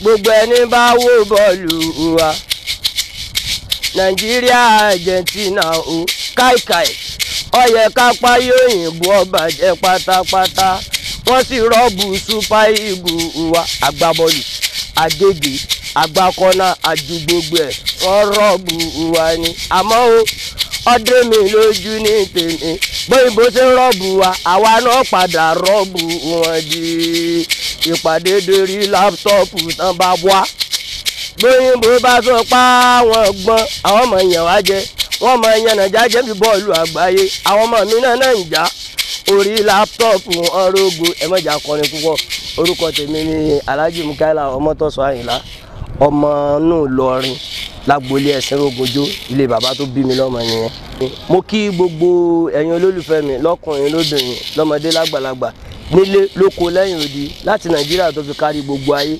gbogbo ẹni bá wo bọ́ọ̀lù ụwa nàìjíríà argentina o káìkáì ó yẹ ká páyé òyìnbó ọbàjẹ́ pátápátá wọ́n sì rọ́ọ̀bù súpà ìbù wa agbábọ́ọ̀lù àgègè agbákọ́nà àjù gbogbo ẹ̀ wọ́n rọ́ọ̀bù wa ni bóyìnbó ṣe ń rọ́ọ̀bù wa àwa náà padà rọ́ọ̀bù wọn di ìpàdé dorí láptọ́ọ̀pù tán bá wá bóyìnbó bá sọ pa àwọn gbọ́n àwọn ọmọ yẹn wá jẹ wọ́n mọ ìyànnà jájẹ bí bọ́ọ̀lù àgbáyé àwọn ọmọ mi náà náà ń jà orí láptọ́ọ̀pù ọ̀rọ̀gbò púpọ̀ orúkọ tèmi ni Alhaji Mukaila lágboolé ẹ̀sìn rògojó ilé bàbá tó bí mi lọ́mọ nìyẹn. mo kí gbogbo ẹ̀yin olólùfẹ́ mi lọ́kùnrin lóbìnrin lọ́mọdé lágbàlagbà nílé lóko lẹ́yìn odi láti nàìjíríà tó fi kárí gbogbo ayé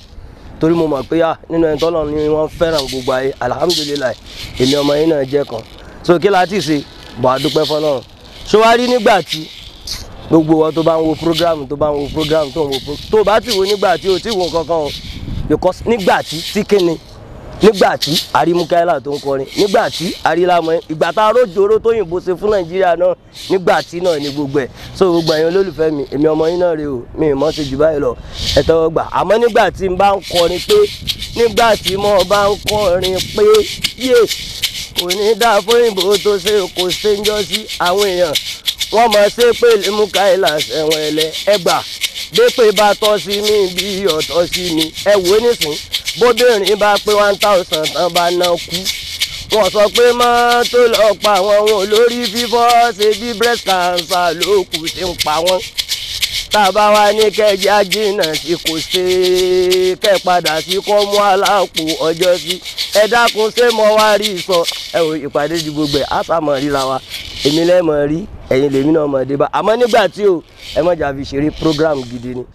torí mo mọ̀ pé à ah, nínú ẹni tọ́lọ̀ ni wọ́n fẹ́ràn gbogbo ayé alihamudulilayi èmi ọmọ yín náà jẹ́ kan so kí láti ṣe bọ̀ àdúpẹ́ fọlọ́run ṣó wá rí nígbà tí gbogbo wọn tó bá ń wo programu tó bá ń wo programu tó ń wo programu tó bá ti wo nígbà tí o ti wo nǹkan kan o because nígbà tí tí kíni nígbà Ari Mukaila tó ń kọrin nígbà Ari arílámọ ìgbà tá a rójòrò tó yìnbó ṣe fún nàìjíríà náà nígbà tí náà ni gbogbo ẹ so gbogbo ẹ̀yin olólùfẹ́ mi èmi ọmọ yín náà rè o mi ì mọ ṣe jù báyìí lọ ẹ tẹ́wọ́ gbà àmọ́ nígbà tí n bá ń kọrin pé nígbà tí mo bá ń kọrin pé yé kò ní dáa fún ìbò tó ṣe kò ṣe ń jọ sí àwọn èèyàn wọ́n mọ̀ ṣe pé lèmúkáílà ṣẹ̀wọ̀n ẹ̀lẹ́ ẹgbàá bẹ́pẹ́ bá tọ́ sí mi bí ọ̀tọ́ sí mi ẹ wò ó nísìn bóbìnrin bá pé one thousand tán bá ná kú wọ́n sọ pé mọ́ tó lọ pa wọn wọn fífọ́ ṣe bí breast cancer ló kù ṣe ń pa wọ́n tàbá wa ní kẹjá jìnnà sí kò ṣe é kẹ padà sí kọ́ mú aláàpò ọjọ́ sí ẹ dákun ṣé mo wá rí sọ ẹ wò ìpàdé ju gbogbo ẹ àfàmọ̀ ríra wa èmi lẹ́mọ̀ rí ẹ̀yin lèmi náà mọ̀ dé bá àmọ́ nígbà tí o ẹ mọ̀jà fi ṣeré program gidi ni.